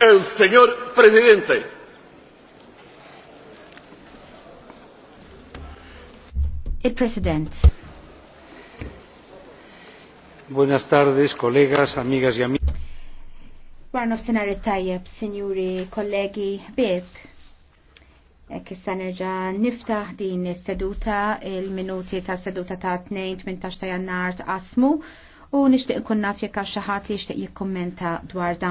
el señor presidente. El presidente. Buenas tardes, colegas, amigas y amigos. Warnof Senare tajjeb, signori kollegi, bib. Kissa nerġa niftaħ din is-seduta il-minuti ta' seduta ta' 2-18 ta' jannar asmu u nishtiq nkun naf jekk xi ħadd li jixtieq jikkummenta dwar dan.